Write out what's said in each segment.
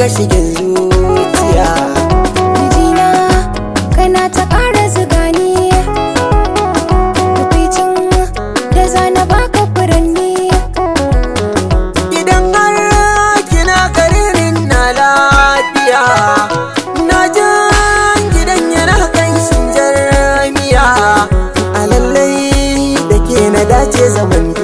kashigin zuciya mijina kana ta ƙara zuga ni kuficin da zana baka furanni idan har kina karirin na lafiya na jan gidan yana kan shinjar a lallai da ke na dace zaman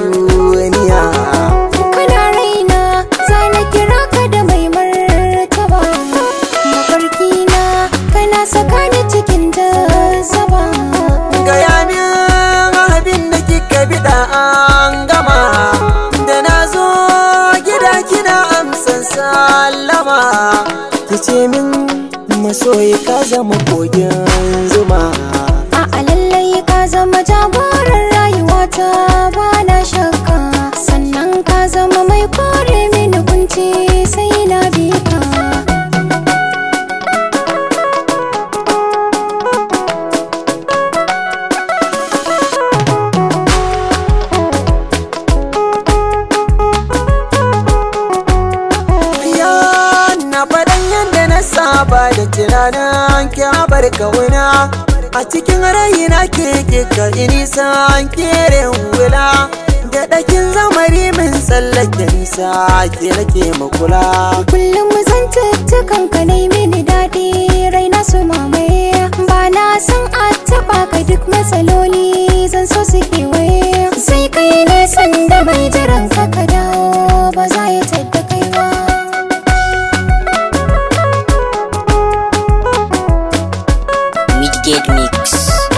kama ta min masoyi ka zama kogin saba da tunanin ki bar kauna a cikin rayina ke kika nisa an kere wula da ɗakin zamari min tsallake nisa ke nake makula kullum zan tuttukan ka ne mini daɗi raina su mamaye ba na san a taɓa ka duk matsaloli zan so su kewaye sai kai ne sanda mai jiran ka Gig Mix.